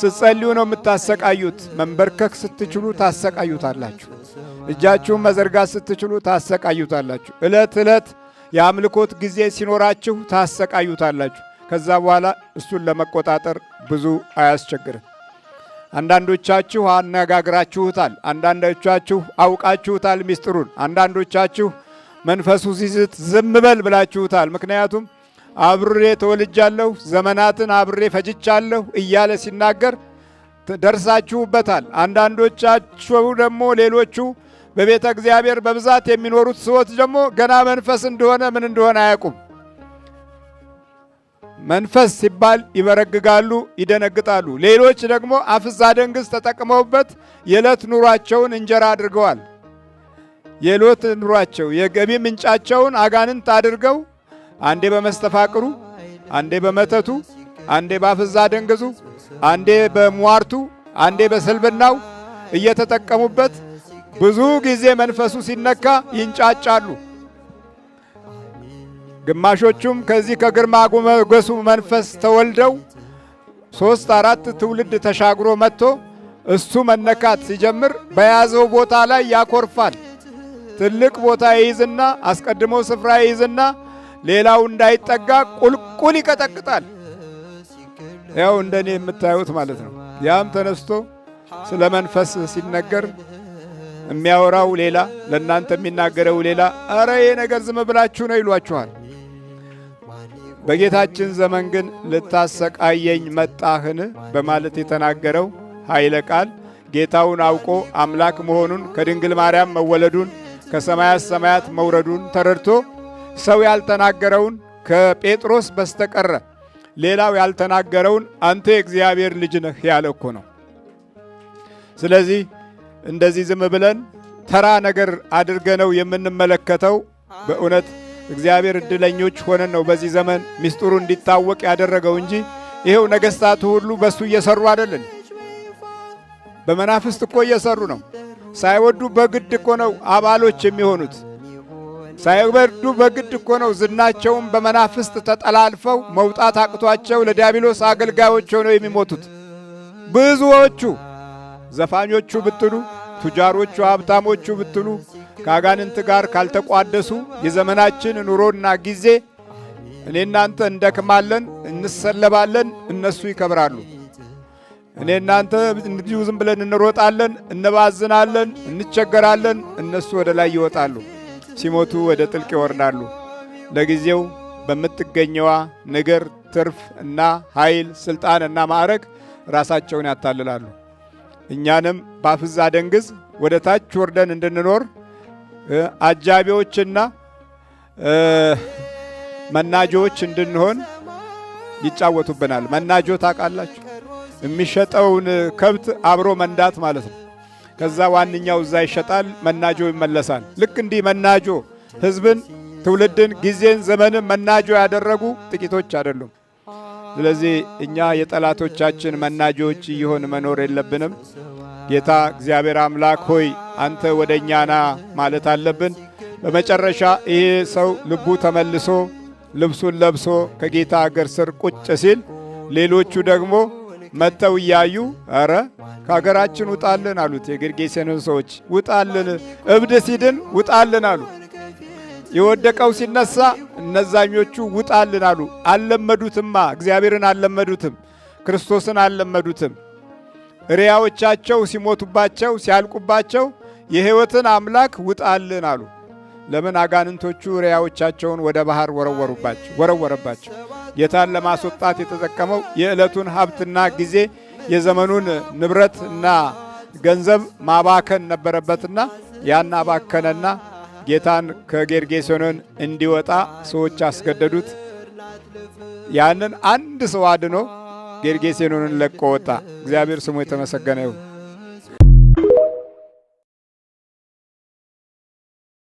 ስትጸልዩ ነው የምታሰቃዩት። መንበርከክ ስትችሉ ታሰቃዩታላችሁ። እጃችሁን መዘርጋት ስትችሉ ታሰቃዩታላችሁ። እለት እለት የአምልኮት ጊዜ ሲኖራችሁ ታሰቃዩታላችሁ። ከዛ በኋላ እሱን ለመቆጣጠር ብዙ አያስቸግርም። አንዳንዶቻችሁ አነጋግራችሁታል፣ አንዳንዶቻችሁ አውቃችሁታል ሚስጥሩን። አንዳንዶቻችሁ መንፈሱ ሲዝት ዝም በል ብላችሁታል። ምክንያቱም አብሬ ተወልጃለሁ፣ ዘመናትን አብሬ ፈጅቻለሁ እያለ ሲናገር ደርሳችሁበታል። አንዳንዶቻችሁ ደግሞ ሌሎቹ በቤተ እግዚአብሔር በብዛት የሚኖሩት ሰዎች ደግሞ ገና መንፈስ እንደሆነ ምን እንደሆነ አያውቁም። መንፈስ ሲባል ይበረግጋሉ፣ ይደነግጣሉ። ሌሎች ደግሞ አፍዛ ደንግስ ተጠቅመውበት የዕለት ኑሯቸውን እንጀራ አድርገዋል። የዕለት ኑሯቸው የገቢ ምንጫቸውን አጋንንት አድርገው አንዴ በመስተፋቅሩ፣ አንዴ በመተቱ፣ አንዴ ባፍዛ ደንግዙ፣ አንዴ በሟርቱ፣ አንዴ በስልብናው እየተጠቀሙበት ብዙ ጊዜ መንፈሱ ሲነካ ይንጫጫሉ። ግማሾቹም ከዚህ ከግርማ ጎመገሱ መንፈስ ተወልደው ሶስት አራት ትውልድ ተሻግሮ መጥቶ እሱ መነካት ሲጀምር በያዘው ቦታ ላይ ያኮርፋል። ትልቅ ቦታ ይይዝና አስቀድሞ ስፍራ ይይዝና ሌላው እንዳይጠጋ ቁልቁል ይቀጠቅጣል። ያው እንደኔ የምታዩት ማለት ነው። ያም ተነስቶ ስለ መንፈስ ሲነገር የሚያወራው ሌላ፣ ለእናንተ የሚናገረው ሌላ። እረ ይሄ ነገር ዝም ብላችሁ ነው ይሏችኋል። በጌታችን ዘመን ግን ልታሰቃየኝ መጣህን በማለት የተናገረው ኃይለ ቃል ጌታውን አውቆ አምላክ መሆኑን ከድንግል ማርያም መወለዱን ከሰማያት ሰማያት መውረዱን ተረድቶ ሰው ያልተናገረውን ከጴጥሮስ በስተቀረ ሌላው ያልተናገረውን አንተ የእግዚአብሔር ልጅ ነህ ያለ እኮ ነው። ስለዚህ እንደዚህ ዝም ብለን ተራ ነገር አድርገነው የምንመለከተው በእውነት እግዚአብሔር እድለኞች ሆነን ነው በዚህ ዘመን ሚስጢሩ እንዲታወቅ ያደረገው እንጂ ይሄው ነገስታቱ ሁሉ በሱ እየሰሩ አይደለን። በመናፍስት እኮ እየሰሩ ነው። ሳይወዱ በግድ እኮ ነው አባሎች የሚሆኑት። ሳይበርዱ በግድ እኮ ነው ዝናቸውን በመናፍስት ተጠላልፈው መውጣት አቅቷቸው ለዲያብሎስ አገልጋዮች ሆነው የሚሞቱት ብዙዎቹ። ዘፋኞቹ ብትሉ፣ ቱጃሮቹ፣ ሀብታሞቹ ብትሉ ከአጋንንት ጋር ካልተቋደሱ የዘመናችን ኑሮና ጊዜ እኔ እናንተ እንደክማለን፣ እንሰለባለን፣ እነሱ ይከብራሉ። እኔ እናንተ እንዲሁ ዝም ብለን እንሮጣለን፣ እንባዝናለን፣ እንቸገራለን፣ እነሱ ወደ ላይ ይወጣሉ። ሲሞቱ ወደ ጥልቅ ይወርዳሉ። ለጊዜው በምትገኘዋ ነገር ትርፍ እና ኃይል፣ ስልጣን እና ማዕረግ ራሳቸውን ያታልላሉ። እኛንም በአፍዛ ደንግዝ ወደ ታች ወርደን እንድንኖር አጃቢዎችና መናጆዎች እንድንሆን ይጫወቱብናል። መናጆ ታውቃላችሁ? የሚሸጠውን ከብት አብሮ መንዳት ማለት ነው። ከዛ ዋንኛው እዛ ይሸጣል፣ መናጆ ይመለሳል። ልክ እንዲህ መናጆ ህዝብን፣ ትውልድን፣ ጊዜን፣ ዘመንን መናጆ ያደረጉ ጥቂቶች አይደሉም። ስለዚህ እኛ የጠላቶቻችን መናጆዎች እየሆን መኖር የለብንም። ጌታ እግዚአብሔር አምላክ ሆይ አንተ ወደ ና ማለት አለብን። በመጨረሻ ይሄ ሰው ልቡ ተመልሶ ልብሱን ለብሶ ከጌታ እግር ስር ቁጭ ሲል ሌሎቹ ደግሞ መጥተው እያዩ ኧረ ከሀገራችን ውጣልን አሉት። የጌርጌሴኖን ሰዎች ውጣልን፣ እብድ ሲድን ውጣልን አሉ። የወደቀው ሲነሳ እነዛኞቹ ውጣልን አሉ። አልለመዱትማ፣ እግዚአብሔርን አልለመዱትም፣ ክርስቶስን አልለመዱትም። ሪያዎቻቸው ሲሞቱባቸው ሲያልቁባቸው የሕይወትን አምላክ ውጣልን አሉ። ለምን? አጋንንቶቹ ሪያዎቻቸውን ወደ ባህር ወረወሩባቸው ወረወረባቸው። ጌታን ለማስወጣት የተጠቀመው የዕለቱን ሀብትና ጊዜ የዘመኑን ንብረት እና ገንዘብ ማባከን ነበረበትና ያን አባከነና ጌታን ከጌርጌሴኖን እንዲወጣ ሰዎች አስገደዱት። ያንን አንድ ሰው አድኖ ጌርጌሴኖንን ለቆ ወጣ። እግዚአብሔር ስሙ የተመሰገነ ይሁን።